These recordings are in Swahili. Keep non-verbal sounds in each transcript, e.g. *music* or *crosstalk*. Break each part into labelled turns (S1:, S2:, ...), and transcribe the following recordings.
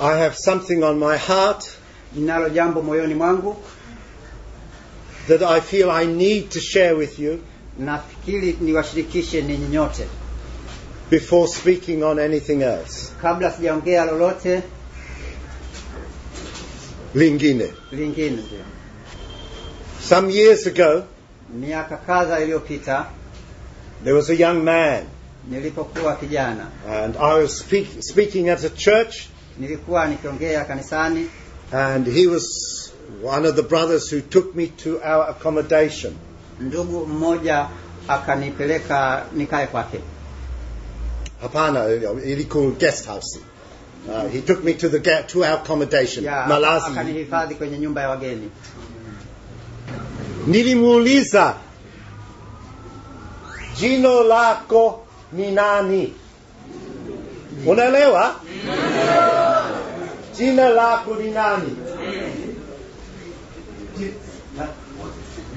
S1: I have something on my heart. that I feel I need to share with you. before speaking on anything else. Kabla lolote lingine. Lingine. Some years ago, there was a young man. kijana. And I was speak, speaking at a church nilikuwa nikiongea kanisani and he was one of the brothers who took me to our accommodation ndugu mmoja akanipeleka nikae kwake hapana guest house uh, he took me to the to our accommodation akanihifadhi kwenye nyumba ya wageni nilimuuliza jino lako ni nani unaelewa yeah. Jina lako ni nani?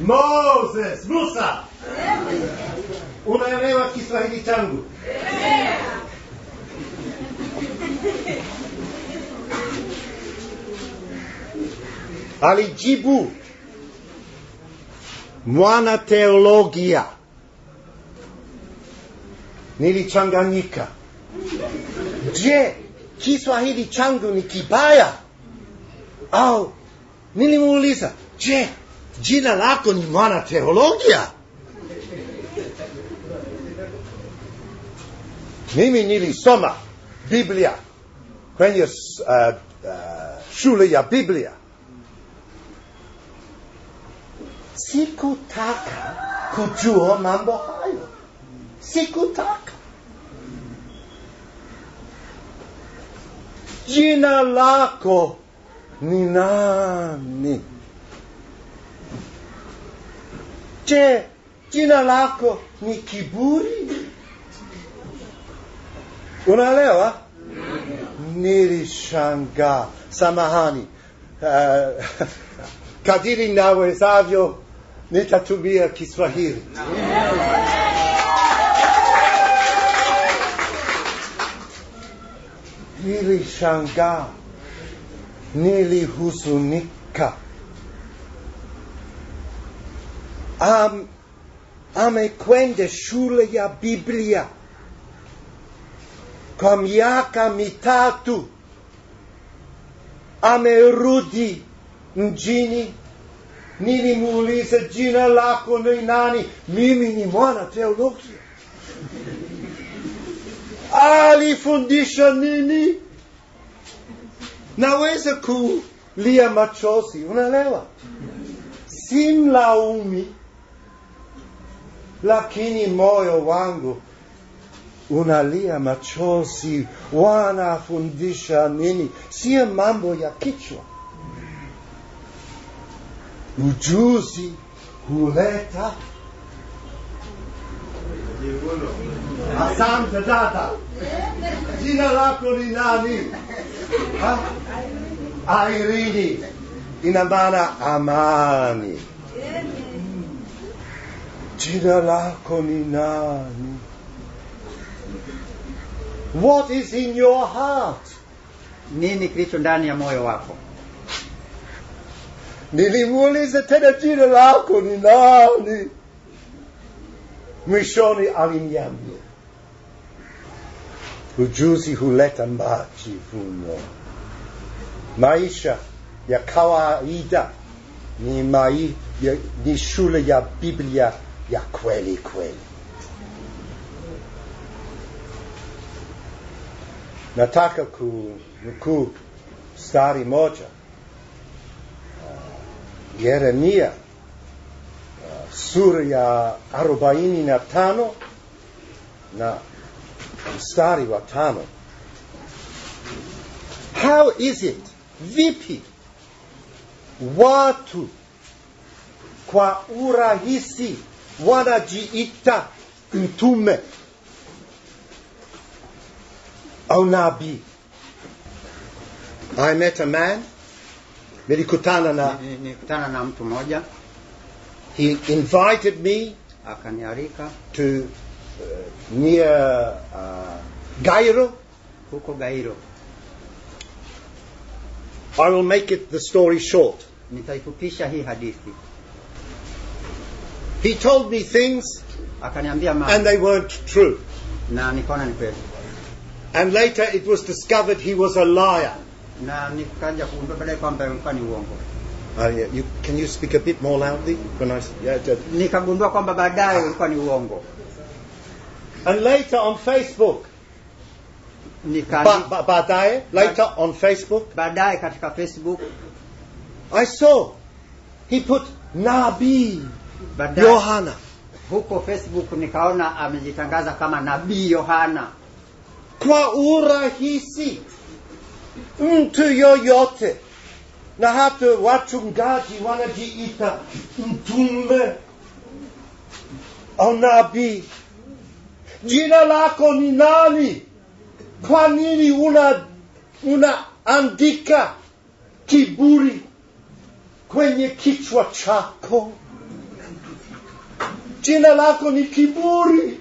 S1: Moses, Musa. Unaelewa Kiswahili changu? Alijibu mwana teologia. Nilichanganyika. Je, Kiswahili changu ni kibaya au nilimuuliza je jina lako ni mwana teologia mimi nilisoma biblia kwenye uh, uh, shule ya biblia sikutaka kujua mambo hayo sikutaka jina lako ni nani? Je, jina lako ni kiburi? Unaelewa? nilishanga Samahani. Uh, *laughs* kadiri nawezavyo nitatumia Kiswahili. Nili Shanga, Irishanga Nilihusunika. Am, amequende shulia Biblia. Kam yaka mitatu. Ame rudi ngini. Nili mulisa gina lako nani. Mimi ni mwana teologia. alifundisha nini naweza kulia machosi unaelewa simlaumi lakini moyo wangu unalia machosi wanafundisha nini sio mambo ya kichwa ujuzi huleta
S2: Asante dada,
S1: jina lako ni nani? Airini ina maana amani. Jina lako ni nani? What is in your heart? Nini kilicho ndani ya moyo wako? Nilimuuliza tena, jina lako ni nani? mwishoni aliniambia, ujuzi huleta majivuno. Maisha ya kawaida ni, mai, ya, ni shule ya Biblia ya kweli kweli. Nataka kunukuu stari moja Yeremia uh, sura ya arobaini na tano na mstari wa tano how is it vipi watu kwa urahisi wanajiita mtume au nabi i met a man nilikutana na nilikutana na mtu mmoja he invited me to uh, near uh, Gairo. Huko Gairo. I will make it the story short. He told me things and they weren't true. And later it was discovered he was a liar. Ah, you, can you speak a bit more loudly when I, nikagundua kwamba baadaye ulikuwa ni uongo and later on facebook baadaye later on facebook baadaye katika facebook i saw he put nabii yohana huko facebook nikaona amejitangaza kama nabii yohana kwa urahisi mtu yoyote na hata wachungaji wanajiita mtume au nabii. Jina lako ni nani? Kwa nini una unaandika kiburi kwenye kichwa chako? Jina lako ni kiburi.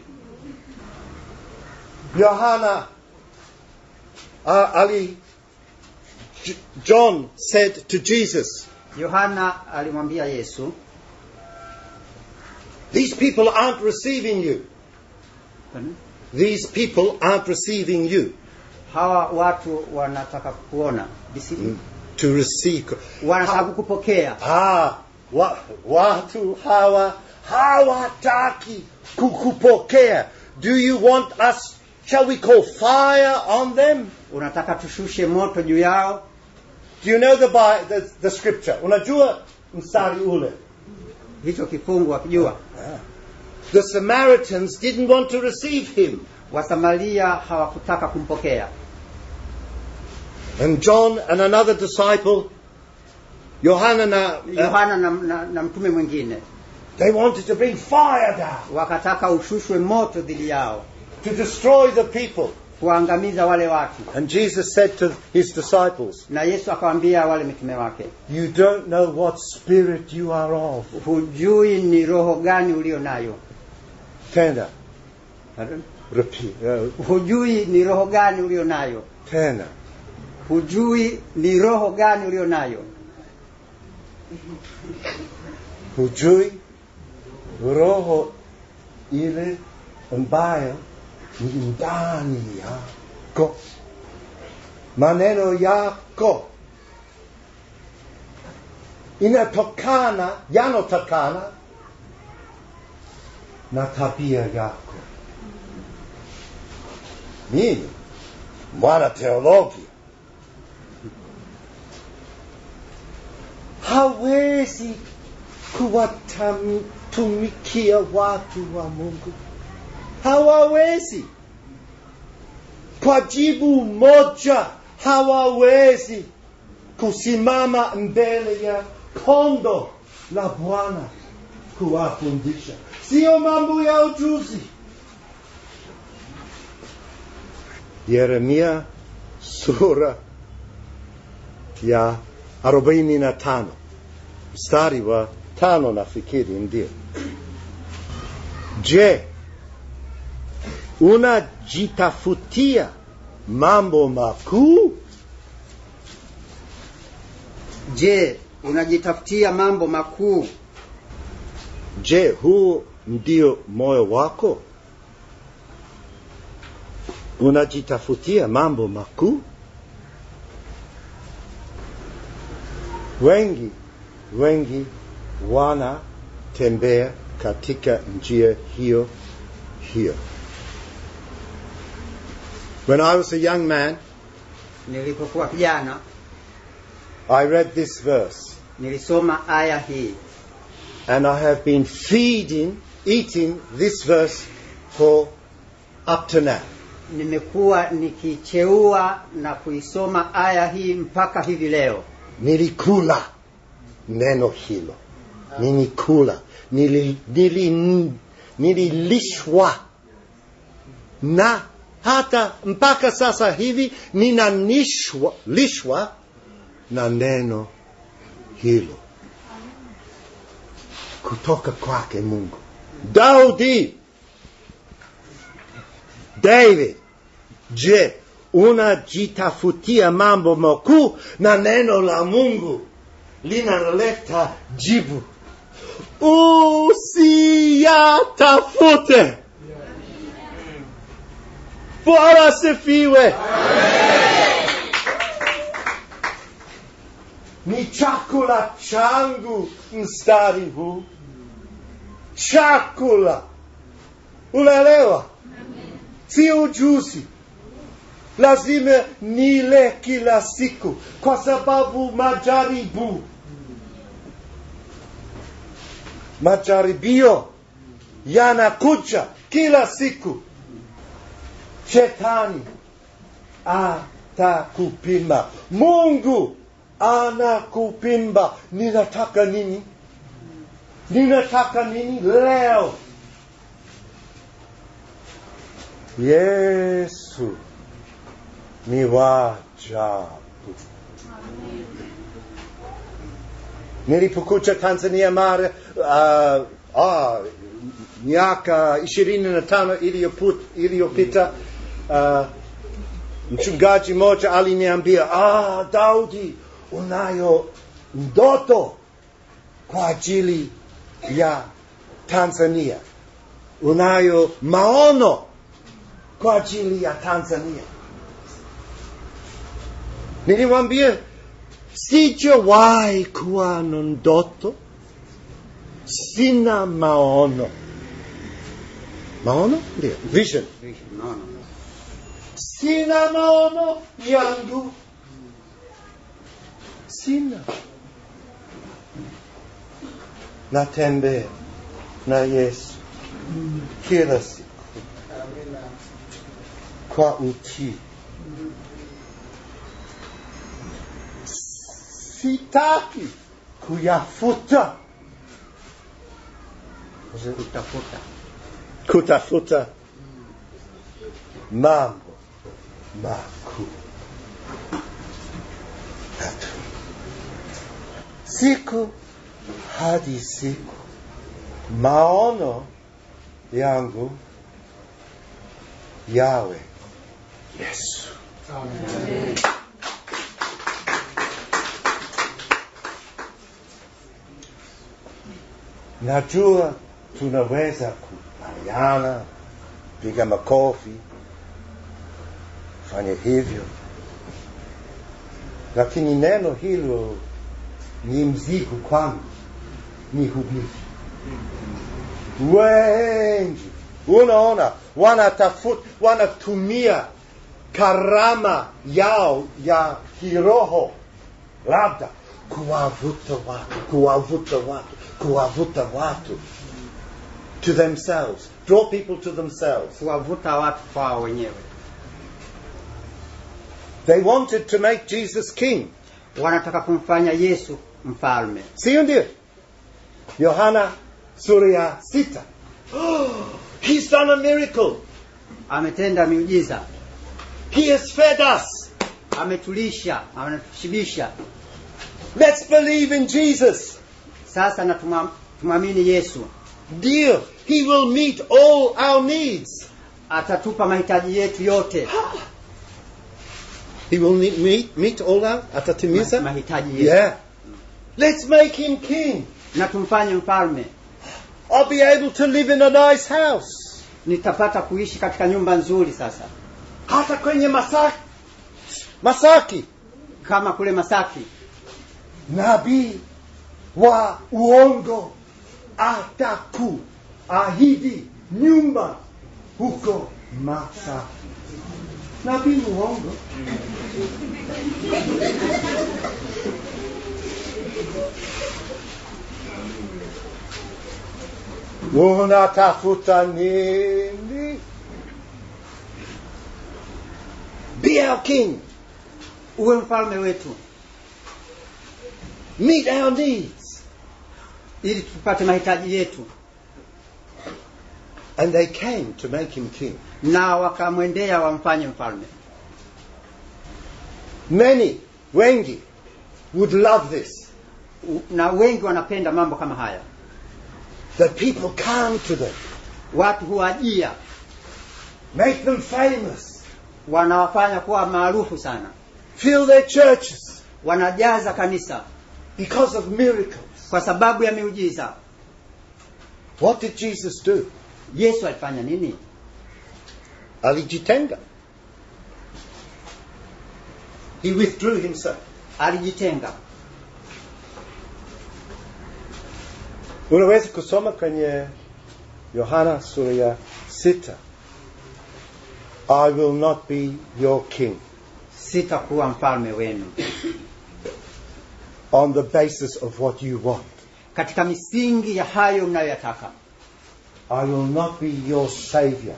S1: Yohana ali John said to Jesus, Yohana alimwambia Yesu, these people aren't receiving you. Pardon? These people aren't receiving you. Hawa watu wanataka kuona. Mm, to receive. Wanataka kukupokea. Ah, wa, watu hawa hawataki kukupokea. Do you want us shall we call fire on them? Unataka tushushe moto juu yao? Do you know the, the, the scripture? Unajua mstari ule. Hicho kifungu hakijua. Ah. The Samaritans didn't want to receive him. Wasamaria hawakutaka kumpokea. And John and another disciple, Yohana na uh, Yohana na, na, na mtume mwingine. They wanted to bring fire down. Wakataka ushushwe moto dhidi yao. To destroy the people kuangamiza wale watu. And Jesus said to his disciples, na Yesu wale mitume wake, you don't know what spirit you are of. Hujui ni roho gani ulio nayo. Tena uh, hujui ni roho gani ulio nayo. Tena hujui ni roho gani ulio nayo. Hujui roho ile ambayo 무단히 약고 마네로 약고 이나 토카나 야노 토카나 나 tabia jako. Mini, moja teologija. Hawezi kuwatumikia watu wa Mungu hawawezi. Kwa jibu moja hawawezi kusimama mbele ya kondo la Bwana kuwafundisha, sio mambo ya ujuzi. Yeremia sura ya arobaini na tano mstari wa tano nafikiri ndio. Je, unajitafutia mambo makuu? Je, unajitafutia mambo makuu? Je, huu ndio moyo wako? Unajitafutia mambo makuu? Wengi wengi wanatembea katika njia hiyo hiyo. When I was a young man, I read this verse. And I have been feeding, eating this verse for up to now. Nimekuwa nikicheua na kuisoma aya hii mpaka hivi leo. Nilikula neno hilo. Nilikula. Nili, nili, nililishwa na hata mpaka sasa hivi ninalishwa lishwa na neno hilo kutoka kwake Mungu. Daudi, David, je, unajitafutia mambo makuu na neno la Mungu linaleta jibu? Usiyatafute. Bwana asifiwe. Ni chakula changu mstari huu, chakula. Unaelewa? Si lazime ni nile kila siku, kwa sababu majaribu majaribio yanakuja kila siku shetani atakupimba Mungu anakupimba. Ninataka nini? Ninataka nini leo? Yesu ni wajabu nilipokucha Tanzania mara uh, uh, miaka ishirini na tano iliyopita ili uh, mchungaji mmoja aliniambia ah, Daudi unayo ndoto kwa ajili ya Tanzania, unayo maono kwa ajili ya Tanzania. Nilimwambia sijawahi kuwa na ndoto, sina maono. Maono ndio vision, vision. No, no. Yangu. Sina. na Yesu kila siku kwa utii. Sitaki kuyafuta kutafuta kutafuta mambo makuu tatu, siku hadi siku. Maono yangu yawe Yesu. Amen. Najua tunaweza kupayana, piga makofi Fanye hivyo, lakini neno hilo ni mzigo kwangu, ni hubiri. Wengi unaona wanatafuta, wanatumia karama yao ya kiroho labda kuwavuta watu, kuwavuta watu, kuwavuta watu to themselves, draw people to themselves, kuwavuta watu kwao wenyewe They wanted to make Jesus king. Wanataka kumfanya Yesu mfalme. Sio ndio? Yohana sura ya sita. Oh, *gasps* he's done a miracle. Ametenda miujiza. He has fed us. Ametulisha, ametushibisha. Let's believe in Jesus. Sasa na tumamini Yesu. Ndio, he will meet all our needs. Atatupa mahitaji yetu yote. *gasps* He will meet, meet all that, atatimiza mahitaji yetu. Yeah. Let's make him king. Na tumfanye mfalme. I'll be able to live in a nice house. Nitapata kuishi katika nyumba nzuri sasa. Hata kwenye Masaki. Masaki. Kama kule Masaki. Nabii wa uongo ataku ahidi nyumba huko Masaki. Nothing wrong. Unatafutani. Be our king, uwe mfalme wetu. Meet our needs, ili tupate mahitaji yetu. And they came to make him king na wakamwendea wamfanye mfalme. Many, wengi would love this. Na wengi wanapenda mambo kama haya. The people come to them. Watu huwajia. Make them famous. Wanawafanya kuwa maarufu sana. Fill their churches. Wanajaza kanisa. Because of miracles. Kwa sababu ya miujiza. What did Jesus do? Yesu alifanya nini? Arijitanga. He withdrew himself. Alijitenga. Unaweza kusoma kwenye Yohana sura ya sita. I will not be your king. Sita Sitakuwa mfalme wenu. On the basis of what you want. Katika misingi ya hayo mnayoyataka. I will not be your savior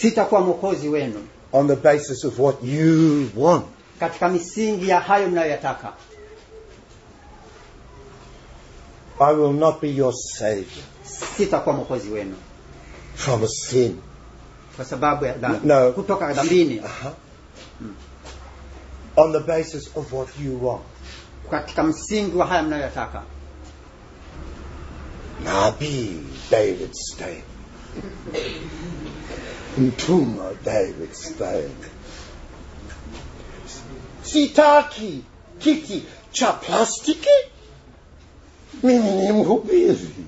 S1: sitakuwa mwokozi wenu on the basis of what you want katika misingi ya hayo mnayoyataka I will not be your savior sitakuwa mwokozi wenu from a sin kwa sababu ya no. kutoka dhambini uh-huh. mm. on the basis of what you want katika msingi wa haya mnayoyataka nabii david stated In tumor, David Stein. Sitaki, Kiki, ča plastiky? Měním huběří.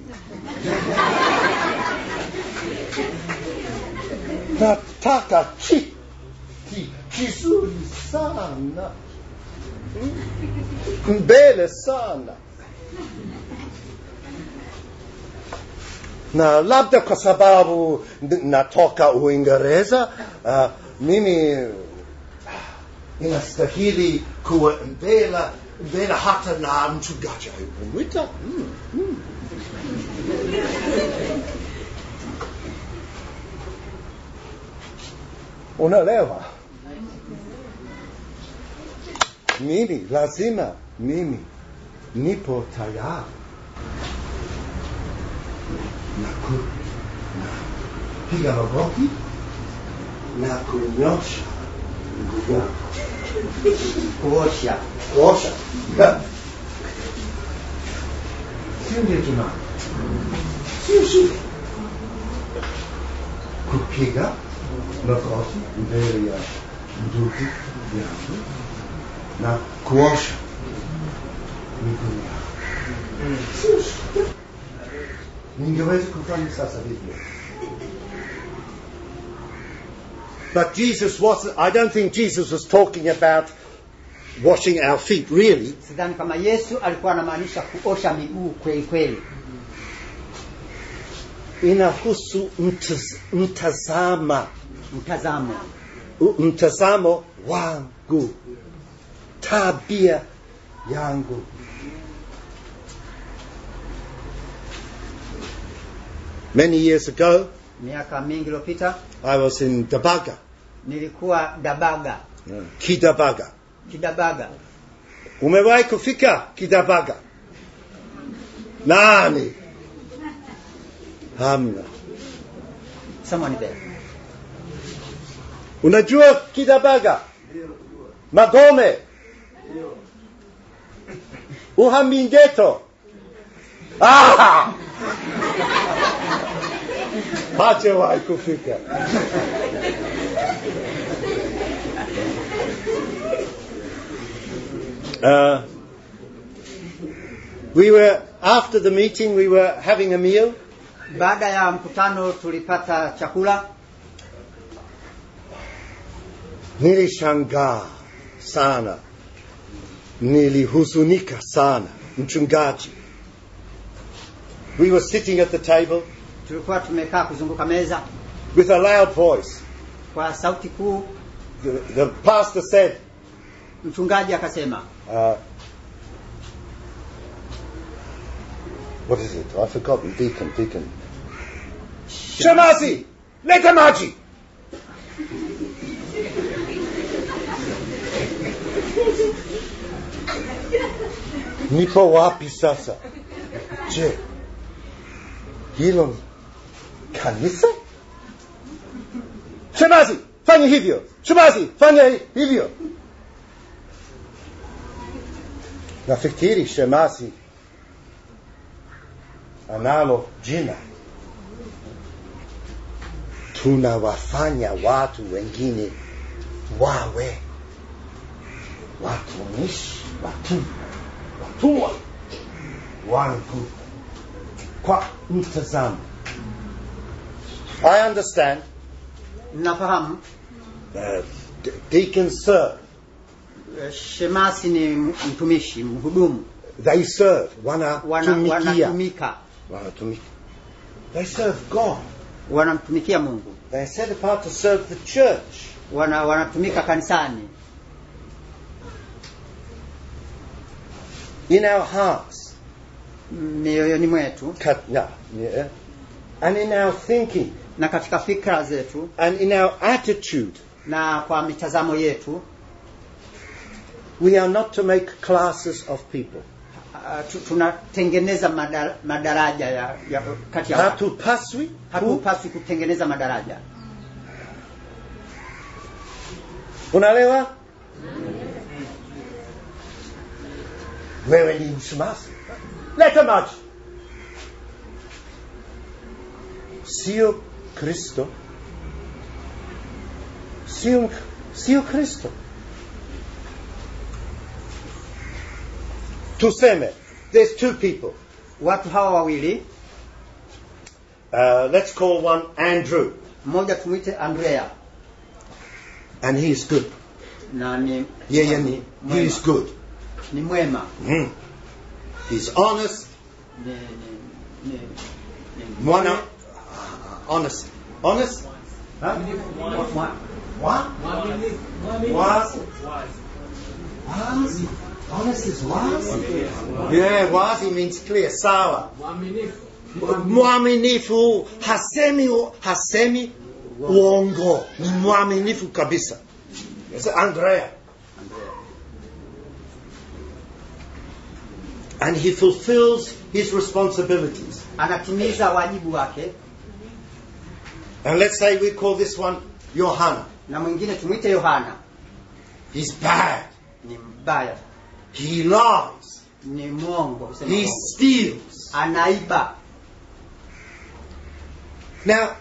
S1: Nataka, Kiki, kizuri sana. Mbele sana. na labda kwa sababu natoka Uingereza uh, mimi uh, ah, inastahili kuwa mbela mbela hata na mchungaji alipomwita mm, mm. unaelewa mimi lazima mimi nipo tayari la, la pigarotti, la cugnoscia, Квося, Квося. Сюндетуна. Сюши. Купига, въпроси, берия, духи, вярно. На Квоша. Никога. Сюши. But Jesus wasn't, I don't think Jesus was talking about washing our feet really. Inahusu mtazama mtazamo mtazamo wangu, tabia yangu. Many years ago, miaka mingi iliyopita, I was in Dabaga. Nilikuwa Dabaga. Yeah. Kidabaga. Kidabaga. Umewahi kufika Kidabaga? Nani? Hamna. Someone there. Unajua Kidabaga? Magome. Uhamingeto. Ah! Macie łajku fikę. Uh, we were after the meeting we were having a meal. Baada ya mkutano tulipata chakula. Nilishangaa sana, Nilihusunika, sana, mchungaji we were sitting at the table with a loud voice. the, the pastor said, mchungaji akasema uh, what is it? I've forgotten. Deacon, deacon. Shemasi, leta maji. Nipo wapi sasa? Je, hilo kanisa? Shemasi fanya hivyo, Shemasi fanya hivyo. Nafikiri Shemasi analo jina, tunawafanya watu wengine wawe watumishi, watumwa, watu, wangu I understand. Uh, deacons serve. Uh, mtumishi, mhudumu. They serve. They serve God. Wanamtumikia Mungu. They set apart to serve the church. Wana wanatumika kanisani. In our hearts. mioyoni mwetu Kat, na, yeah. and in our thinking na katika fikra zetu and in our attitude na kwa mitazamo yetu we are not to make classes of people uh, tunatengeneza madara, madaraja ya, ya, kati ya hatupaswi hatupaswi kutengeneza madaraja unaelewa wewe ni msumafu letter match. Sil Cristo. Sil, sil Cristo. To seme. There's two people. What, how are we live? Uh, let's call one Andrew. Mmoja tumwite Andrea. And he is good. Na ni yeye ni he is good. Ni Mm. He's honest. The, one, uh, honest. Honest? Huh? One. What? One. What? Honest is was? Yeah, was it means clear, sour. Mwaminifu, hasemi, hasemi uongo. Mwaminifu kabisa. Andrea. And he fulfills his responsibilities. Anatimiza wajibu wake. And let's say we call this one Yohana. Na mwingine tumuite Yohana. He's bad. Ni mbaya. He lies. Ni mwongo. He steals. Anaiba. Now,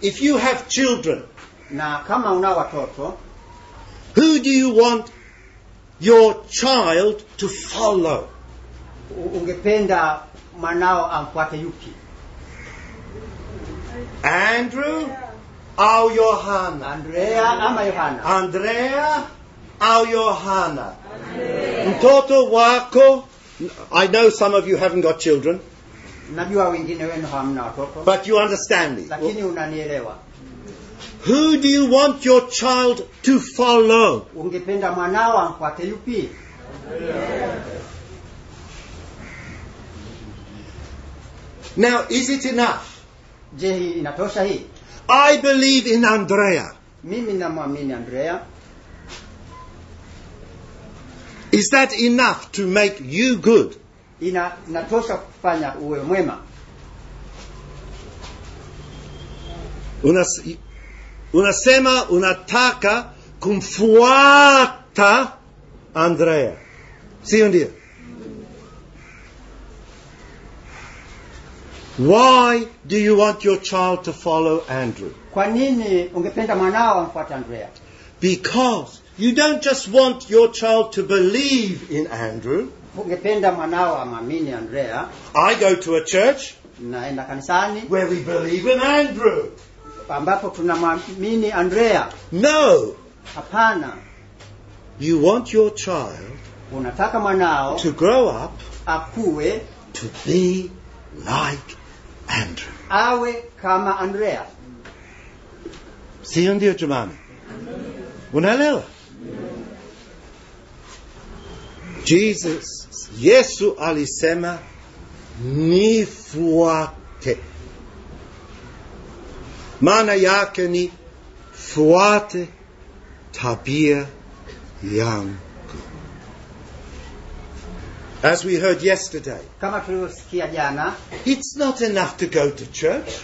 S1: if you have children, na kama una watoto, who do you want your child to follow? ungependa mwanao amfuate yupi andrew au yohana andrea ama yohana andrea au yohana mtoto wako i know some of you haven't got children najua wengine wenu hamna watoto but you understand me lakini unanielewa Who do you want your child to follow? Ungependa Now, is it enough? Je, inatosha hii? I believe in Andrea. Mimi namwamini Andrea. Is that enough to make you good? Ina, inatosha kufanya uwe mwema. Unas, unasema unataka kumfuata Andrea, sio ndio? Why do you want your child to follow Andrew? Kwa nini ungependa mwanao amfuate Andrea? Because you don't just want your child to believe in Andrew. Ungependa mwanao amamini Andrea. I go to a church naenda kanisani where we believe in Andrew. Ambapo tunamwamini Andrea. No. Hapana. You want your child unataka mwanao to grow up akue to be like Andrew. Awe kama Andrea. Sio ndio chumami? Unaelewa? Jesus, Yesu alisema nifuate. Maana yake ni fuate tabia yangu. As we heard yesterday, it's not enough to go to church.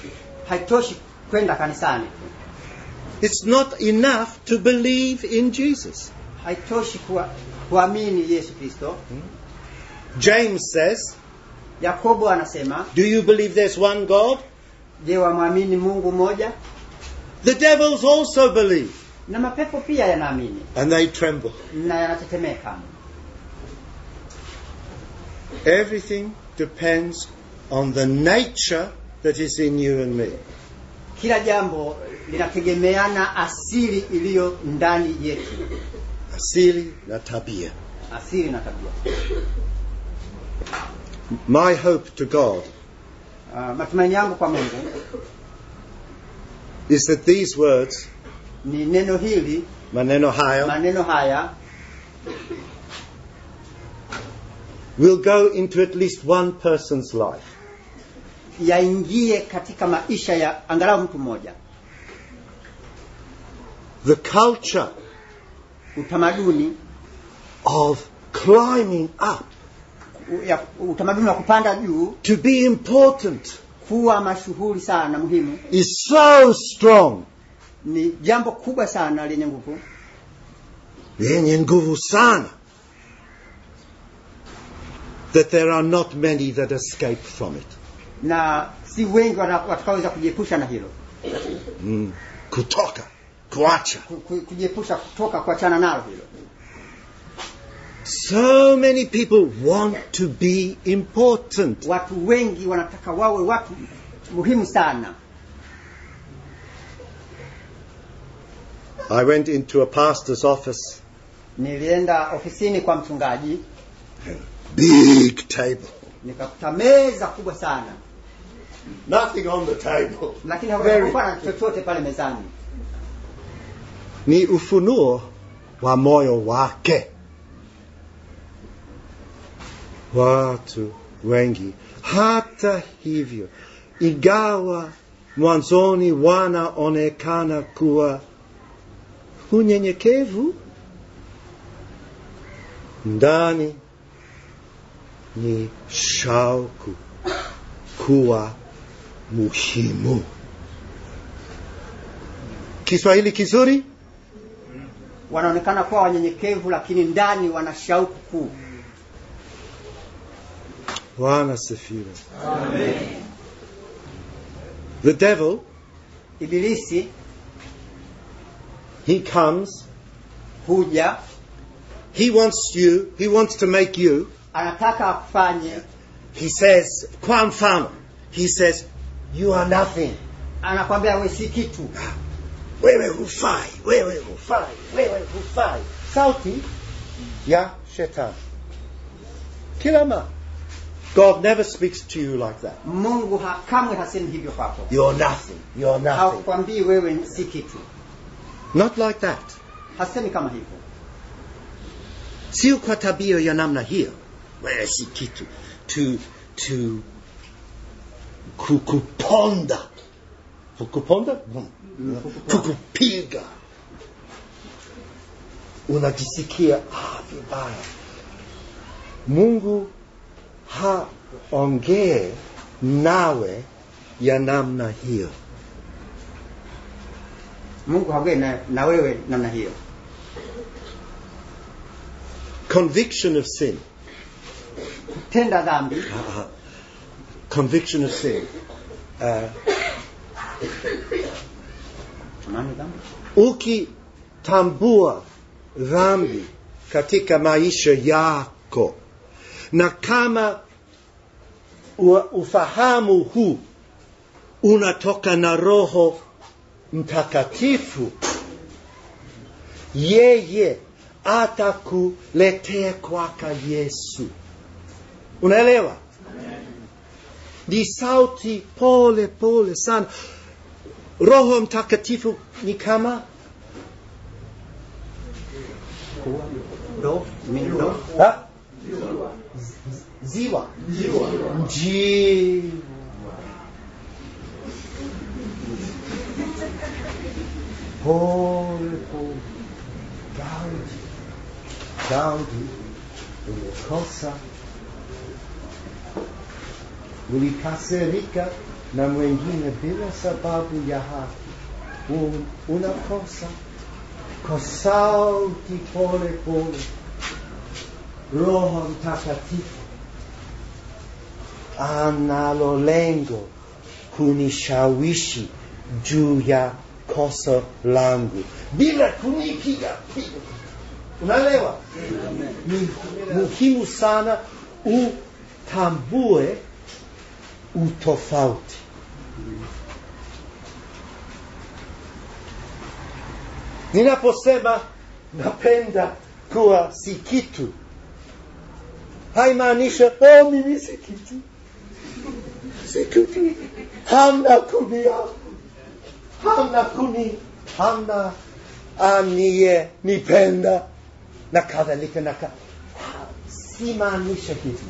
S1: It's not enough to believe in Jesus. Hmm? James says, Do you believe there's one God? The devils also believe. And they tremble. Everything depends on the nature that is in you and me. Kila jambo linategemeana asili iliyo ndani yetu. Asili na tabia. Asili na tabia. My hope to God uh, matumaini yangu kwa Mungu is that these words ni neno hili maneno haya maneno haya will go into at least one person's life. Yaingie katika maisha ya angalau mtu mmoja. The culture utamaduni of climbing up utamaduni wa kupanda juu to be important kuwa mashuhuri sana muhimu is so strong ni jambo kubwa sana lenye nguvu lenye nguvu sana that there are not many that escape from it. Na si wengi watakaweza kujiepusha na hilo. Mm, kutoka, kuacha. kuachana nalo hilo. So many people want to be important. Watu wengi wanataka wawe watu muhimu sana. I went into a pastor's office. Nilienda ofisini kwa mchungaji big table. Nikakuta kubwa sana. Nothing on the table. Lakini hakukuwa chochote pale mezani. Ni ufunuo wa moyo wake. Watu wengi hata hivyo, ingawa mwanzoni wanaonekana kuwa unyenyekevu ndani ni shauku kuwa muhimu. Kiswahili kizuri, wanaonekana kuwa wanyenyekevu, lakini ndani wana shauku kuu. Bwana sifiwe. Amen. The devil, Ibilisi, he comes, huja, he wants you, he wants to make you anataka akufanye he says kwa mfano he says you are nothing anakwambia we si kitu ah, wewe hufai wewe hufai wewe hufai sauti ya shetan. kila mara God never speaks to you like that. Mungu kamwe hasemi hivyo kwako. You're nothing. You're nothing. Hakwambii wewe si kitu. Not like that. Hasemi kama hivyo. Sio kwa tabia ya namna hiyo. wewe si kitu tu, tu kukuponda kukuponda kukupiga unajisikia ah, vibaya mungu haongee nawe ya namna hiyo mungu haongee na, na wewe namna hiyo conviction of sin kutenda dhambi ah, ah, ah. conviction of sin uh, ukitambua dhambi katika maisha yako na kama ufahamu huu unatoka na roho mtakatifu yeye atakuletea kwaka yesu Unaelewa? Ni sauti pole pole sana. Roho Mtakatifu ni kama ziwa jiwa pole pole gaudi gaudi umekosa ulikasirika na mwengine bila sababu ya haki, unakosa kusauti pole pole. Roho Mtakatifu analo lengo kunishawishi juu ya kosa langu bila kunipiga. unalewa Ni muhimu sana utambue utofauti. Ninaposema napenda kuwa si kitu, haimaanishi oh, mimi si kitu, si kitu, hamna kunia, hamna kuni, hamna aniye ah, nipenda na kadhalika na kadhalika, simaanisha hivi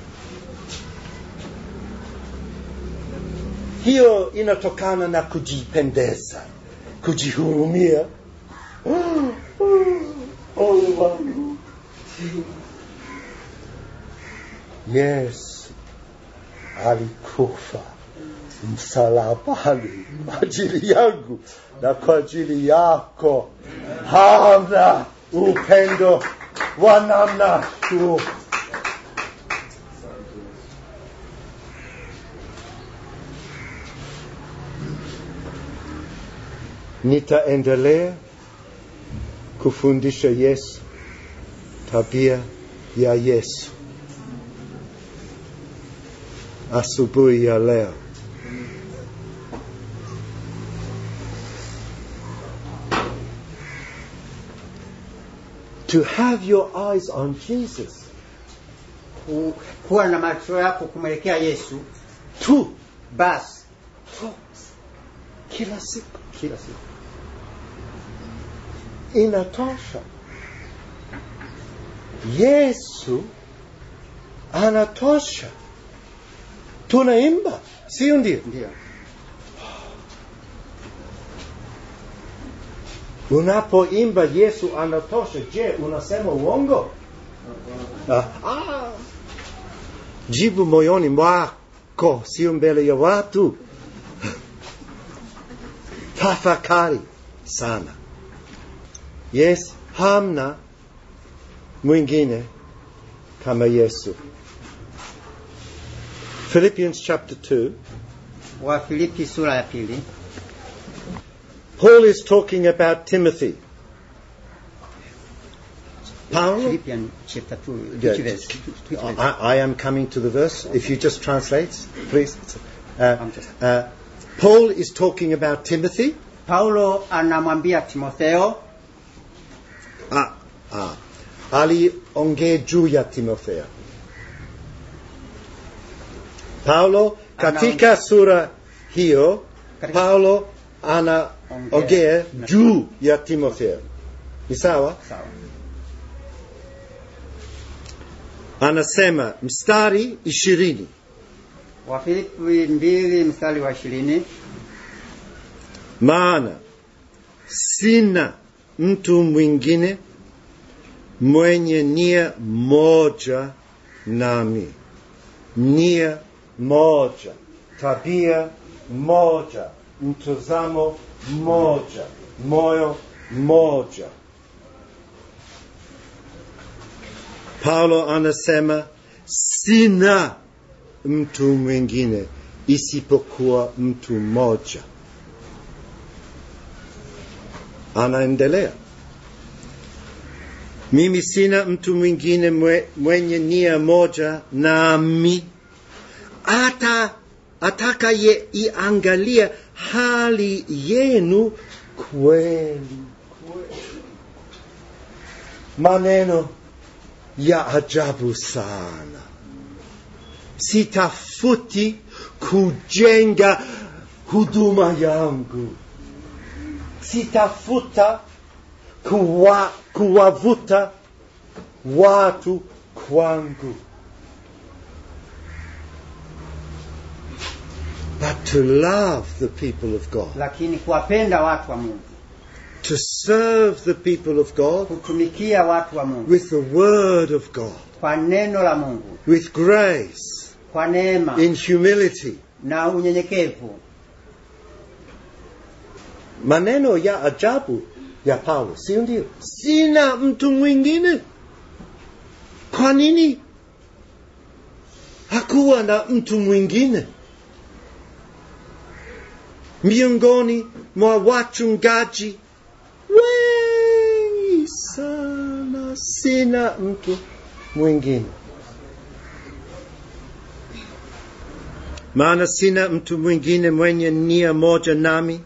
S1: hiyo inatokana na kujipendeza kujihurumia *gasps* yes yesu alikufa msalabani kwa ajili yangu na kwa ajili yako hamna upendo wa namna tu nitaendelea kufundisha Yesu, tabia ya Yesu asubuhi ya leo. To have your eyes on Jesus. Kuwa na macho yako kumwelekea Yesu tu basi kila siku kila siku inatosha. Yesu anatosha. Tunaimba, sio ndio? Ndio. Unapoimba Yesu anatosha, je, unasema uongo? Ah, ah. Jibu moyoni mwako, sio mbele ya watu. *laughs* Tafakari sana. jest hamna mwingine kama Yesu. Philippians chapter 2. Wafilipi sura ya pili. Paul is talking about Timothy. Paulo, I, I, am coming to the verse. If you just translate, please. Uh, uh, Paul is talking about Timothy. Paulo anamwambia Timotheo. a, ah, a. Ah. Ali ongeđuja Timofeja. Paulo, katika sura hiyo, Paulo ana ongea juu ya Timotheo. Ni sawa? Sawa. Anasema mstari ishirini Wafilipi mbili mstari wa ishirini maana sina mtu mwingine mwenye nia moja nami, nia moja, tabia moja, mtazamo moja, moyo moja. Paulo anasema sina mtu mwingine isipokuwa mtu mmoja anaendelea. Mimi sina mtu mwingine mwenye nia moja nami, hata iangalia hali yenu kweli kweli. Maneno ya ajabu sana. Sitafuti kujenga huduma yangu sitafuta kuwa, kuwavuta watu kwangu. But to love the people of God. Lakini kuwapenda watu wa Mungu. To serve the people of God. watu wa Mungu. With the word of God. Kwa neno la Mungu. With grace. Kwa neema. In humility. Na maneno ya ajabu ya Paulo, si ndio? Sina mtu mwingine. Kwa nini hakuwa na mtu mwingine miongoni mwa wachungaji wengi sana? Sina mtu mwingine, maana sina mtu mwingine mwenye nia moja nami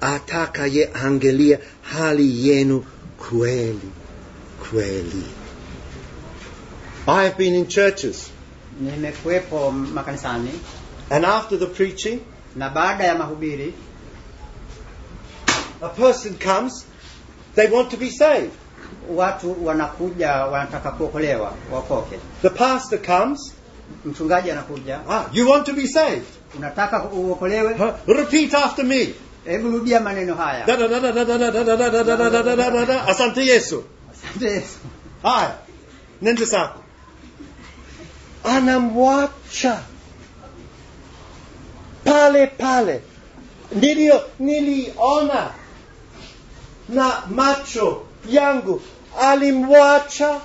S1: atakaye angelia hali yenu kweli kweli. I have been in churches. And after the preaching, na baada ya mahubiri, a person comes, they want to be saved. Watu wanakuja wanataka kuokolewa, The pastor comes, mchungaji anakuja. Ah, you want to be saved? Unataka uokolewe? Repeat after me. Hebu rudia maneno haya. Asante Yesu. Asante Yesu. Haya, nende zako. Anamwacha pale pale, nilio niliona na macho yangu. Alimwacha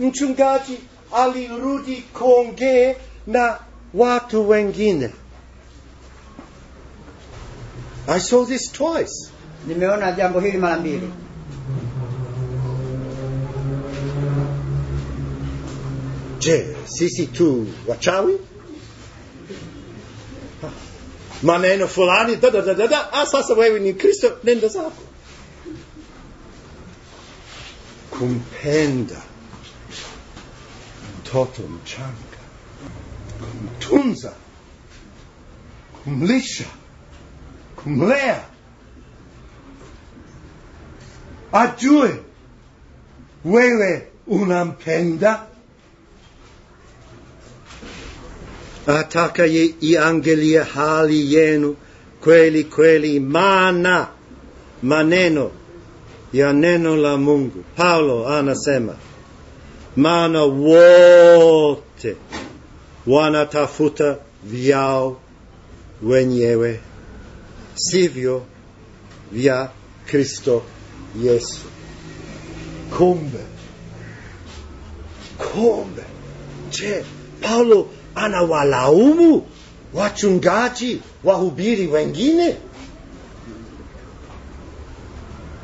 S1: mchungaji, alirudi kuongea na watu wengine. I saw this twice. Nimeona jambo hili mara mbili. Je, sisi tu wachawi? Maneno fulani da da da da da. Ah, sasa wewe ni Kristo, nenda zako. Kumpenda mtoto mchanga, kumtunza, kumlisha kumlea, ajue wewe unampenda. Atakaye iangalia hali yenu kweli kweli, maana maneno ya neno la Mungu. Paulo anasema mana wote wanatafuta vyao wenyewe. Savior via Cristo Jesu. Come? Come? Je, Paulo anawalaumu wachungaji wahubiri wengine?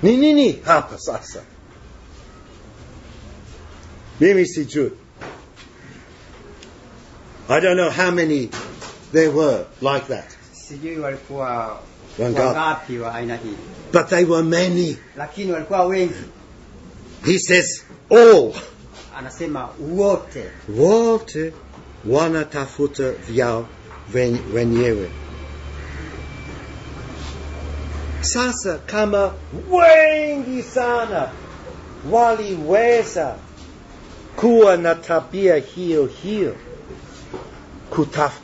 S1: Ni nini hapa sasa? Mimi sijui. I don't know how many there were like that. Sijui walikuwa wangapi wa aina hii but they were many lakini walikuwa wengi he says all anasema wote wote wanatafuta vyao wenyewe sasa kama wengi sana waliweza kuwa na tabia hiyo hiyo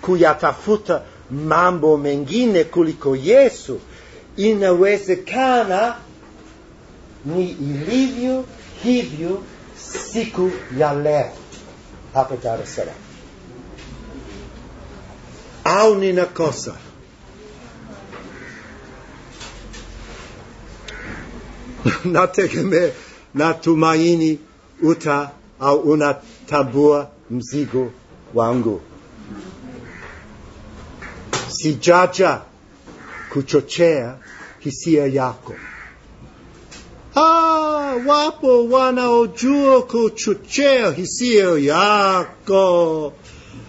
S1: kuyatafuta mambo mengine kuliko Yesu, inawezekana ni ilivyo hivyo siku ya leo hapa Dar es Salaam, au ninakosa? *laughs* nategemea na tumaini uta au unatambua mzigo wangu si jaja kuchochea hisia yako. Ah, wapo wanaojua kuchochea hisia yako.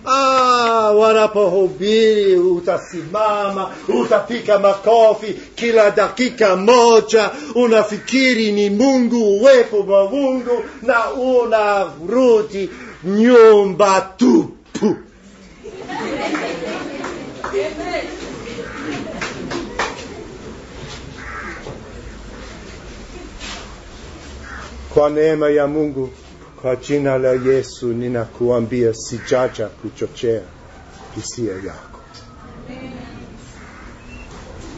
S1: Ah, wanapohubiri utasimama, utapika makofi kila dakika moja, unafikiri ni Mungu, uwepo mavungu, Mungu, na unarudi nyumba tupu. Kwa neema ya Mungu, kwa jina la Yesu, ninakuambia sijaja kuchochea hisia yako,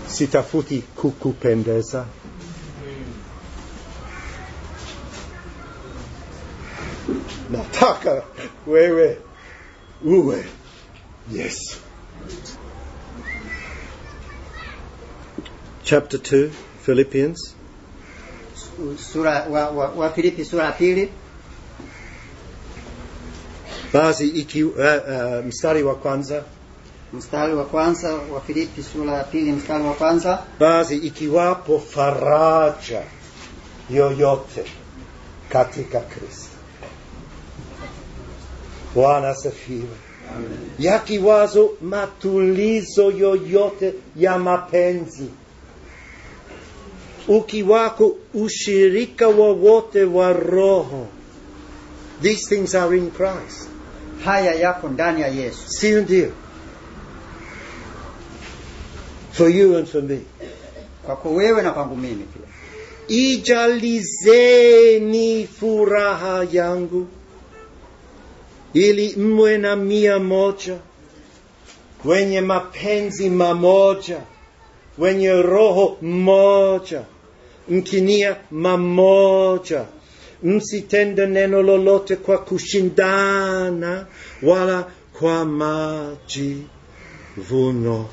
S1: sitafuti kukupendeza. Nataka wewe uwe Yesu. chapter 2 Philippians sura wa, wa, wa Filipi sura pili basi iki, uh, uh, mstari wa kwanza mstari wa kwanza wa Filipi sura ya pili mstari wa kwanza basi ikiwapo faraja yoyote katika Kristo. Bwana sifiwe. Yakiwazo matulizo yoyote ya mapenzi ukiwako ushirika wowote wa roho. These things are in Christ. Haya yako ndani ya Yesu, sio ndio? For you and for me, kwako wewe na kwangu mimi pia. Ijalizeni furaha yangu ili mwe na mia moja wenye mapenzi mamoja wenye roho moja mkinia mamoja msitende neno lolote kwa kushindana wala kwa majivuno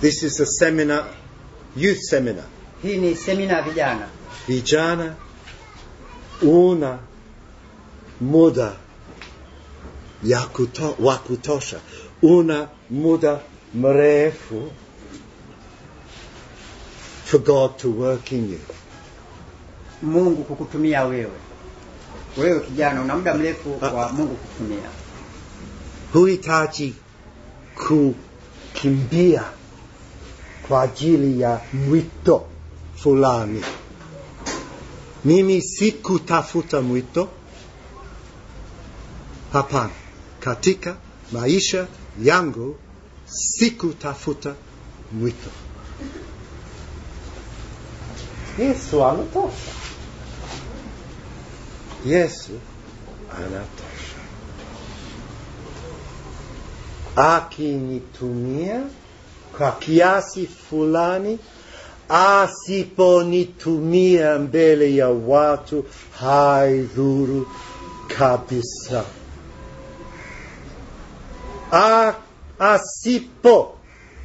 S1: this is a seminar youth seminar hii ni semina vijana vijana una muda ya kuto, wa kutosha una muda mrefu for God to work in you. Mungu kukutumia wewe. Wewe kijana una muda mrefu ah. kwa Mungu kutumia. Huhitaji kukimbia kwa ajili ya mwito fulani. Mimi sikutafuta mwito. Hapana. Katika maisha yangu sikutafuta mwito. Isso, Anatosha. Isso, Anatosha. Aqui nitumia, kakiasi fulani, asipo nitumia mbele ya watu, haidhuru kabisa. A, asipo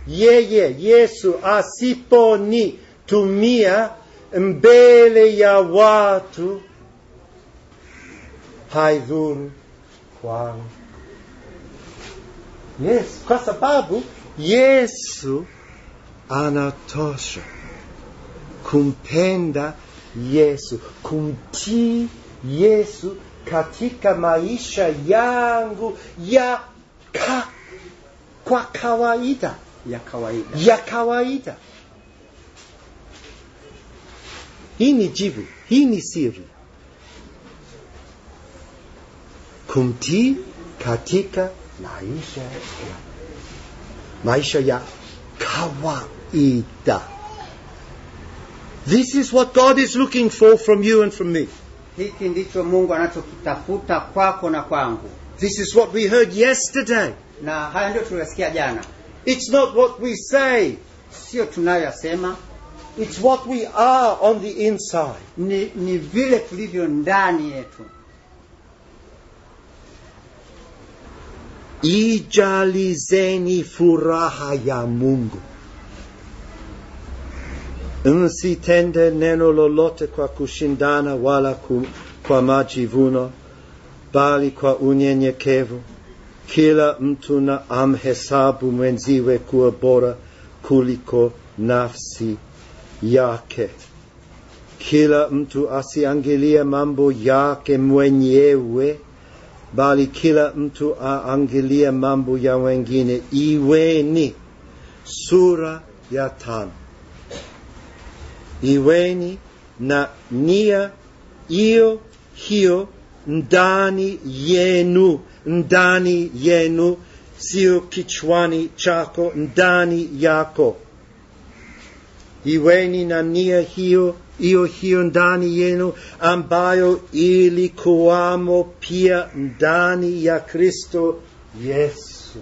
S1: yeye Yesu asiponitumia mbele ya watu haidhuru kwangu. Yesu, kwa sababu Yesu anatosha. Kumpenda Yesu, kumtii Yesu katika maisha yangu ya ka, kwa kawaida ya kawaida ya kawaida Hii ni jibu, hii ni siri. Kumtii katika maisha ya maisha ya kawaida. This is what God is looking for from you and from me. Hiki ndicho Mungu anachokitafuta kwako na kwangu. This is what we heard yesterday. Na haya ndio tuliyosikia jana. It's not what we say. Sio tunayoyasema. It's what we are on the inside. Ni, ni vile tulivyo ndani yetu. Ijalizeni furaha ya Mungu. Msitende neno lolote kwa kushindana wala ku, kwa majivuno, bali kwa unyenyekevu kila mtu na amhesabu mwenziwe kuwa bora kuliko nafsi yake. Kila mtu asiangilie mambo yake mwenyewe, bali kila mtu aangilie mambo ya wengine. Iweni sura ya tano. Iweni na nia hiyo hiyo ndani yenu, ndani yenu, sio kichwani chako, ndani yako iweni na nia hiyo hiyo hiyo ndani yenu ambayo ilikuwamo pia ndani ya Kristo Yesu.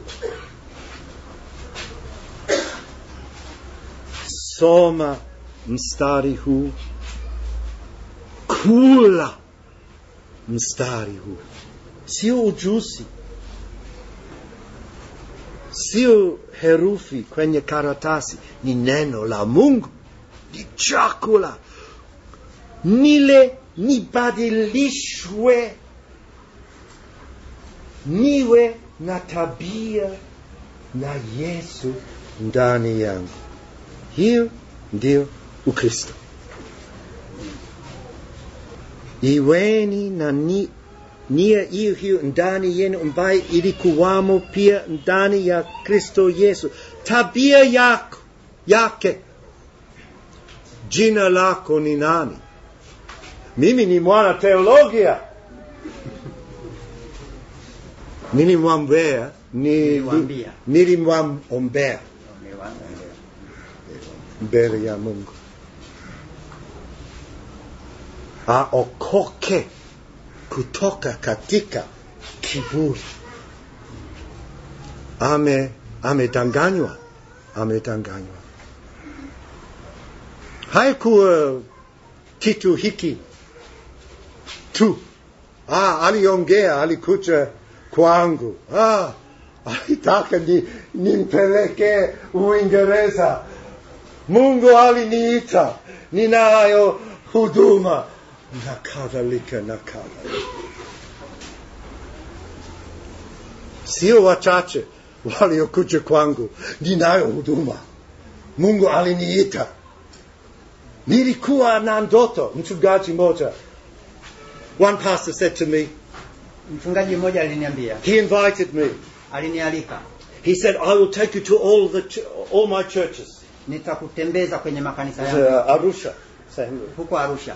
S1: Soma mstari huu, kula mstari huu, sio ujuzi sio herufi kwenye karatasi, ni neno la Mungu, ni chakula nile nibadilishwe niwe na tabia na Yesu ndani yangu. Hiyo ndio Ukristo. Iweni na ni Nia hiyo ndani yenu ambaye ilikuwamo pia ndani ya Kristo Yesu. Tabia yako yake. Jina lako ni nani? Mimi ni mwana teologia. *laughs* Nilimwambia, nilimwambia, mbele ya Mungu aokoke kutoka katika kiburi. Ame amedanganywa, amedanganywa. Haikuwa kitu hiki tu. Ah, aliongea, alikuja kwangu. Ah, alitaka ni, nimpeleke Uingereza. Mungu aliniita, ninayo huduma na kadhalika na kadhalika sio wachache waliokuja kwangu ninayo huduma mungu aliniita nilikuwa na ndoto mchungaji moja one pastor said to me mchungaji mmoja aliniambia he invited me alinialika he said i will take you to all the ch- all my churches nitakutembeza kwenye makanisa yangu uh, arusha sehemu huko arusha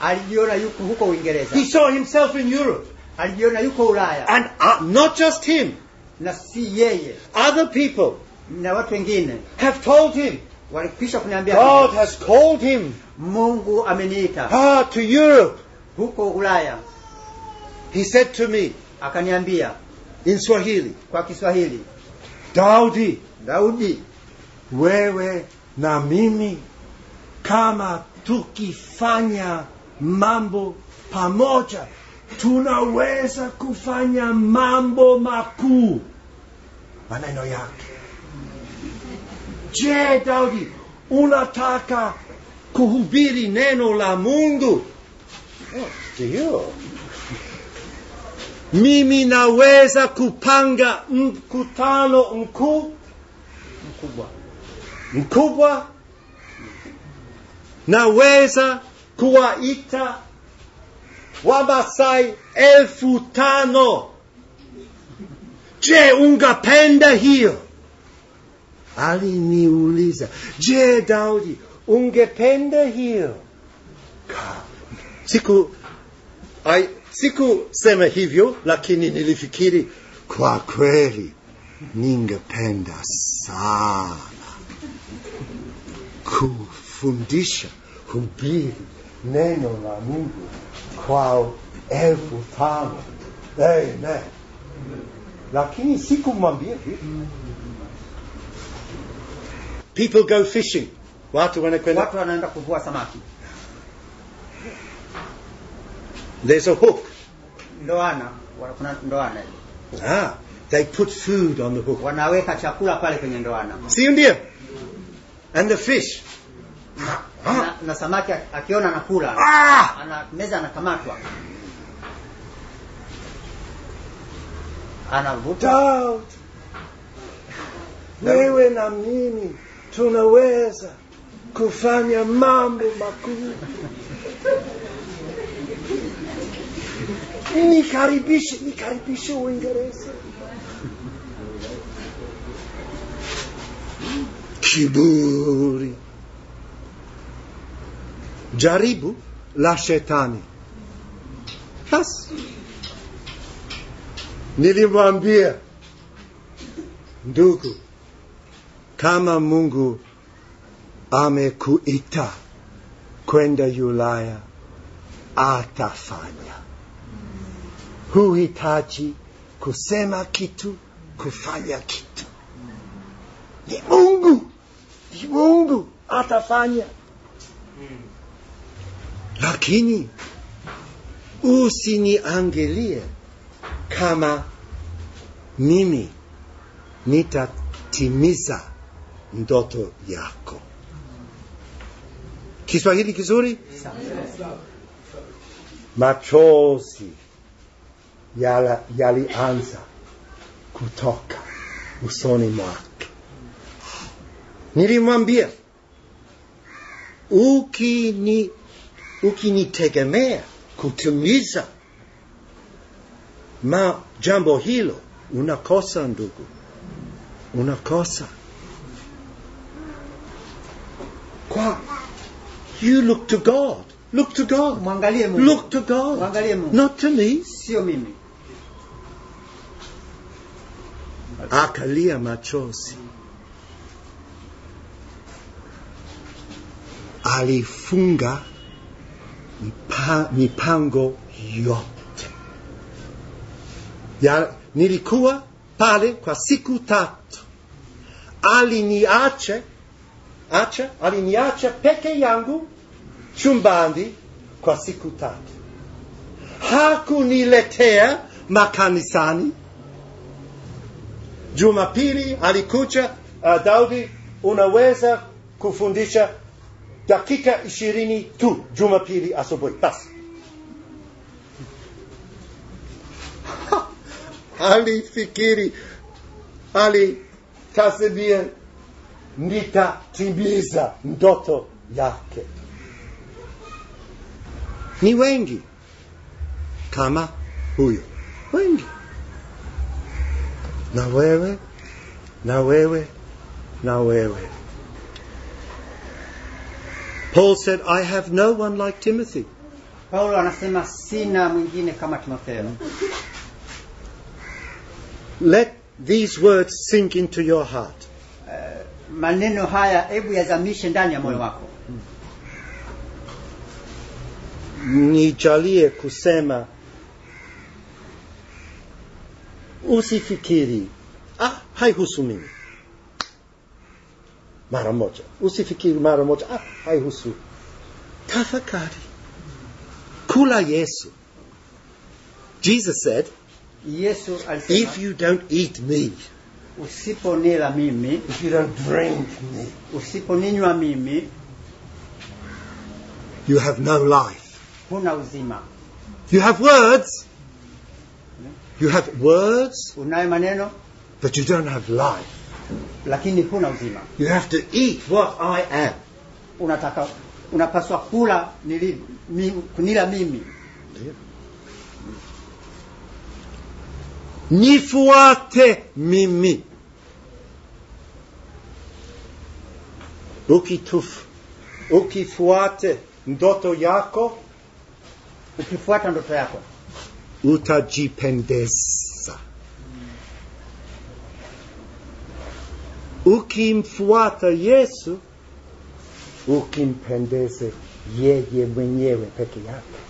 S1: alijiona yuko huko Uingereza. He saw himself in Europe. Alijiona yuko Ulaya. And uh, not just him. Na si yeye. Other people. Na watu wengine. Have told him. Walikwisha kuniambia. God has called him. Mungu ameniita. Ah, to Europe. Huko Ulaya. He said to me. Akaniambia. In Swahili. Kwa Kiswahili. Daudi. Daudi. Wewe na mimi kama tukifanya mambo pamoja tunaweza kufanya mambo makuu maneno yake je daudi unataka kuhubiri neno la mungu ndio oh, mimi naweza kupanga mkutano mkuu mkubwa mkubwa naweza kuwaita Wamasai elfu tano. Je, ungapenda hiyo? Aliniuliza, je, Daudi, ungependa hiyo? Siku ai, sikusema hivyo, lakini nilifikiri kwa kweli ningependa sana kufundisha hubiri neno la Mungu kwao elfu tano. Amen. Lakini sikumwambia kitu. People go fishing. Watu wanakwenda watu wanaenda kuvua samaki. There's a hook. Ndoana, kuna ndoana. Ah, they put food on the hook. Wanaweka chakula pale kwenye ndoana. Si ndio? And the fish na, na samaki akiona anakula ah! meza anakamatwa, anavuta. Wewe na mimi tunaweza kufanya mambo makubwa. Nikaribishe, nikaribishe Uingereza. Kiburi jaribu la shetani. bas nilimwambia ndugu, kama Mungu amekuita kwenda Ulaya atafanya. Huhitaji kusema kitu, kufanya kitu. Ni Mungu, ni Mungu atafanya. Hmm lakini usiniangelie kama mimi nitatimiza ndoto yako. Kiswahili kizuri, machozi yalianza kutoka usoni mwake. Nilimwambia, ukini ukinitegemea kutimiza ma jambo hilo unakosa ndugu unakosa kwa you look to god look to god mwangalie mungu look to god mwangalie mungu not to me sio mimi akalia machozi alifunga mipango yote ya, nilikuwa pale kwa siku tatu aliniache acha aliniacha peke yangu chumbani kwa siku tatu hakuniletea makanisani jumapili alikucha uh, daudi unaweza kufundisha dakika ishirini tu Jumapili asubuhi basi. *laughs* Alifikiri alikasibia, nitatimiza ndoto yake. Ni wengi kama huyo, wengi. Na wewe na wewe na wewe Paul said, I have no one like Timothy. anasema sina mwingine kama Timotheo. Let these words sink into your heart. Eh, maneno haya yazamishe ndani ya moyo mm. wako. Nijalie kusema usifikiri, ah, haihusu mimi mara Usifiki usifikiri mara moja, ah, Kafa kari. kula Yesu. Jesus said, Yesu alisema, if you don't eat me, usiponila mimi, if you don't drink me, usiponinywa mimi, you have no life. Huna uzima. You have words. Hmm? You have words, unayo maneno, but you don't have life. lakini huna uzima. You have to eat what I am. Unataka unapaswa kula nila mimi. Nifuate mimi. ukifuate ndoto yako, ukifuata ndoto yako utajipendeza ukimfuata Yesu ukimpendeze yeye mwenyewe peke yake,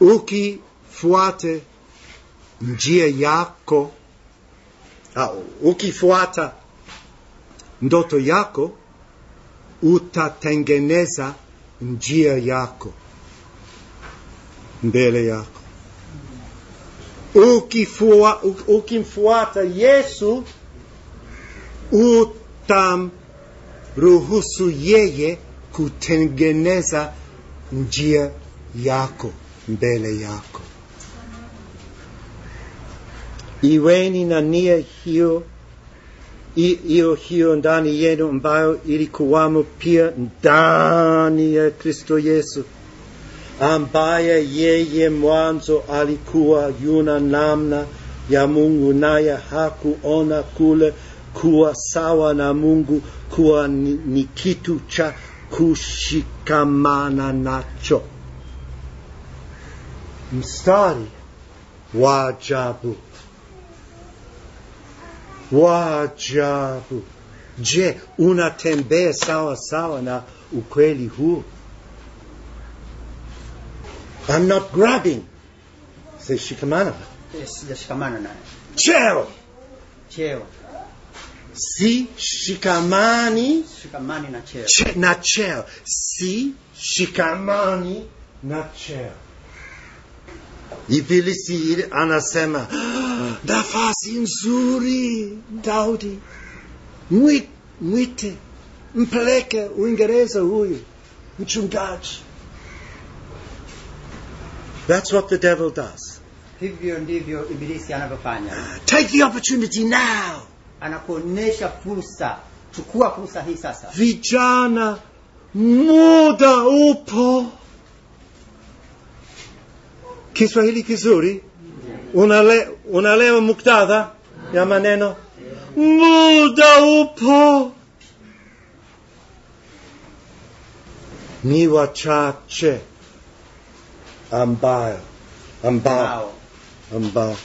S1: ukifuate njia yako au ukifuata ndoto yako utatengeneza njia yako mbele yako ukimfuata Yesu utamruhusu yeye kutengeneza njia yako mbele yako. Iweni na nia hiyo hiyo hiyo ndani yenu ambayo ilikuwamo pia ndani ya Kristo Yesu ambaye yeye mwanzo alikuwa yuna namna ya Mungu, naye hakuona kule kuwa sawa na Mungu kuwa ni, ni kitu cha kushikamana nacho. Mstari wa ajabu wa ajabu. Je, unatembea sawa sawa na ukweli huu? I'm not grabbing. Say shikamana. Sijashikamana naye. Cheo. Cheo. Si shikamani. Shikamani na cheo. Ch na cheo. Si shikamani na cheo. I Ibilisi anasema nafasi *gasps* nzuri Daudi, mwite mpeleke Uingereza huyu mchungaji That's what the devil does. Take the opportunity now. Vijana, muda upo. Kiswahili kizuri. Unale, unalewa muktadha ya maneno. Muda upo. Ni wachache ambao ambao ambao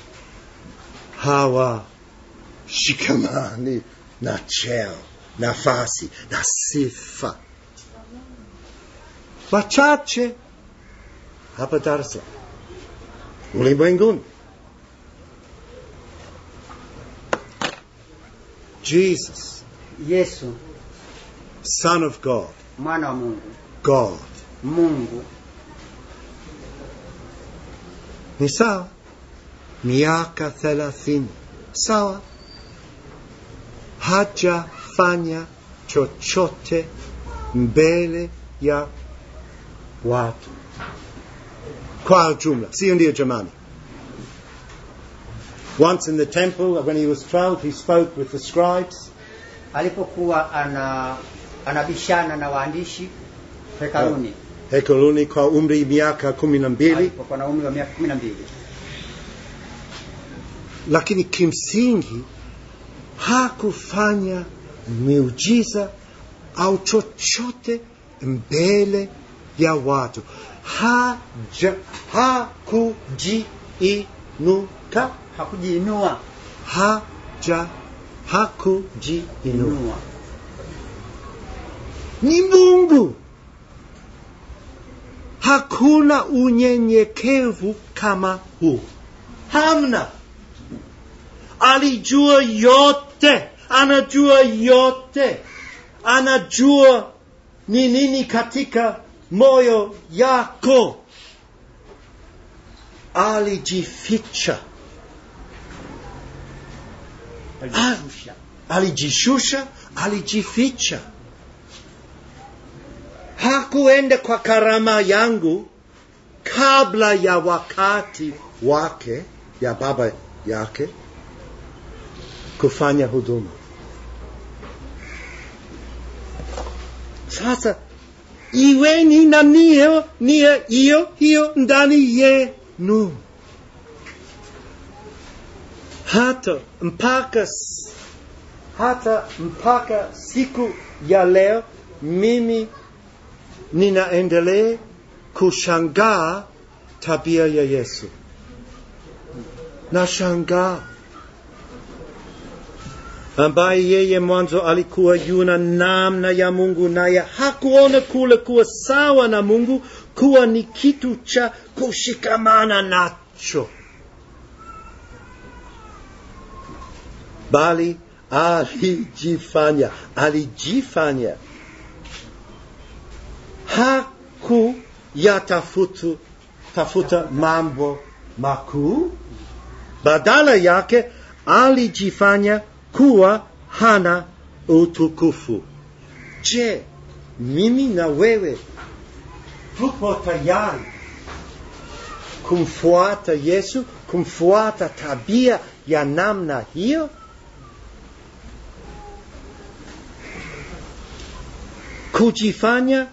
S1: hawashikamani na cheo, nafasi na sifa. Wachache hapa darsa ulimwenguni. Jesus, Yesu, Son of God, mwana wa Mungu, God, Mungu ni sawa, miaka thelathini sawa, hajafanya chochote mbele ya watu kwa ujumla, sio ndio jamani? Once in the temple, when he was 12, he spoke with the scribes. Alipokuwa anabishana na waandishi hekaluni. Yeah. Oh hekaluni kwa umri miaka kumi na mbili lakini kimsingi hakufanya miujiza au chochote mbele ya watu hakujiinuka hakujiinua haja hakujiinua ni mungu Hakuna unyenyekevu kama huu. Hamna. Alijua yote, anajua yote, anajua ni nini katika moyo yako. Alijificha, alijishusha, alijishusha, alijificha hakuenda kwa karama yangu kabla ya wakati wake ya baba yake kufanya huduma. Sasa iweni na nia nia hiyo hiyo ndani yenu, hata mpaka hata mpaka siku ya leo mimi ninaendelee kushangaa tabia ya Yesu. Nashangaa ambaye yeye mwanzo alikuwa yuna namna ya Mungu, naye hakuona kule kuwa sawa na Mungu kuwa ni kitu cha kushikamana nacho, bali alijifanya alijifanya haku tafutu, tafuta mambo makuu, badala yake alijifanya kuwa hana utukufu. Je, mimi na wewe tupo tayari kumfuata Yesu, kumfuata tabia ya namna hiyo? Kujifanya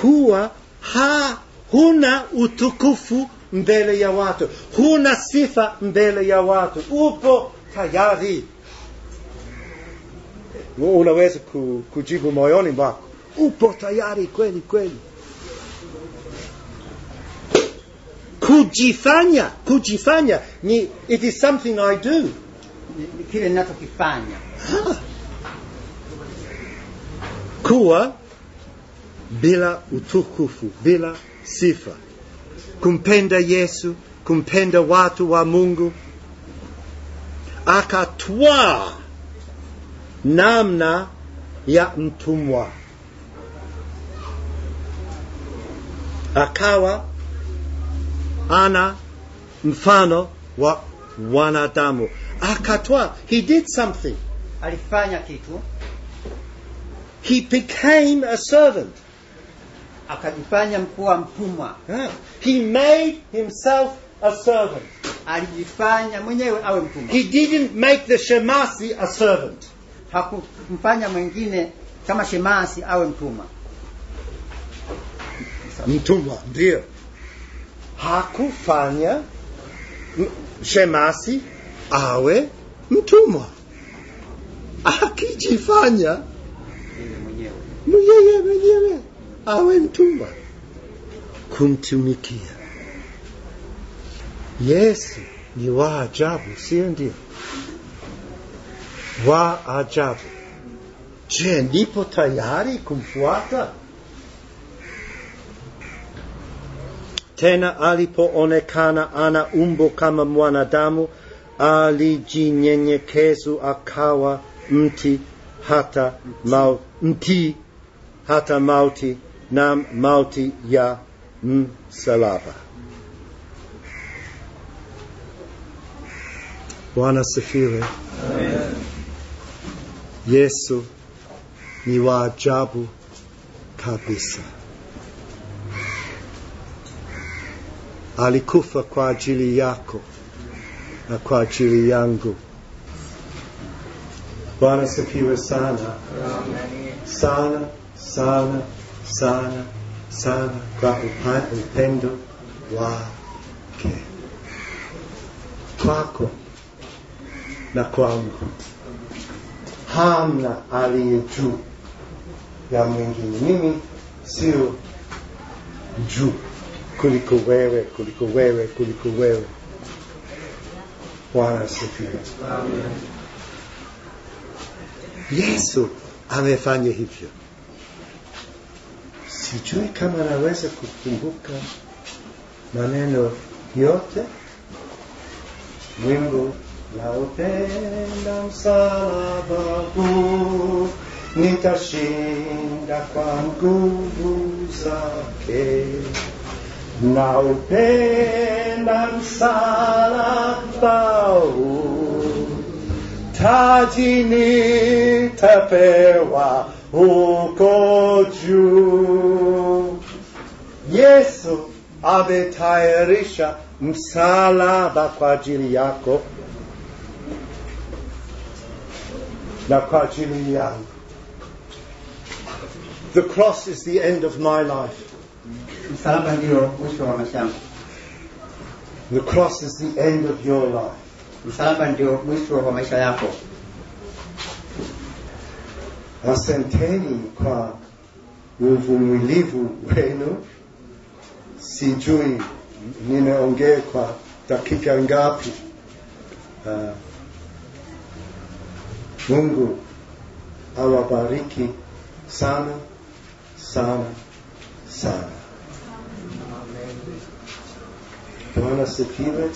S1: kuwa ha, huna utukufu mbele ya watu, huna sifa mbele ya watu, upo tayari. Unaweza kujibu moyoni mwako, upo tayari kweli kweli. Kujifanya, kujifanya ni it is something I do, kile ninachokifanya kuwa bila utukufu, bila sifa. Kumpenda Yesu, kumpenda watu wa Mungu, akatwa namna ya mtumwa, akawa ana mfano wa wanadamu. akatwa. he did something, alifanya kitu. He became a servant akajifanya kuwa mtumwa hmm. he made himself a servant alijifanya mwenyewe awe mtumwa he didn't make the shemasi a servant hakumfanya mwingine kama shemasi awe mtumwa mtumwa ndio hakufanya shemasi awe mtumwa akijifanya mwenyewe. mwenyewe awe kumtumikia Yesu ni wa ajabu, sio ndio? Wa ajabu. Je, ndipo tayari kumfuata? Tena alipoonekana ana umbo kama mwanadamu, alijinyenyekezu akawa mti hata mauti, mti hata mauti nam mauti ya msalaba. Bwana sifiwe. Yesu ni wa ajabu kabisa. Alikufa kwa ajili yako na kwa ajili yangu. Bwana sifiwe sana Amen. sana sana sana sana kwa upendo wake kwako na kwangu. Hamna aliye juu ya mwingine. Mimi sio juu kuliko wewe, kuliko wewe, kuliko wewe. Bwana asifiwe. Yesu amefanya hivyo sijui kama naweza kukumbuka maneno yote wimbo naupenda msalaba huu nitashinda kwa nguvu zake naupenda msalaba huu taji nitapewa encore Dieu. Yesu ametayarisha ba kwa ajili yako na kwa ajili yangu. The cross is the end of my life. The cross is the end of your life. asanteni kwa uvumilivu wenu. Sijui nimeongea kwa dakika ngapi. Uh, Mungu awabariki sana sana sana. Bwana
S2: sikiwe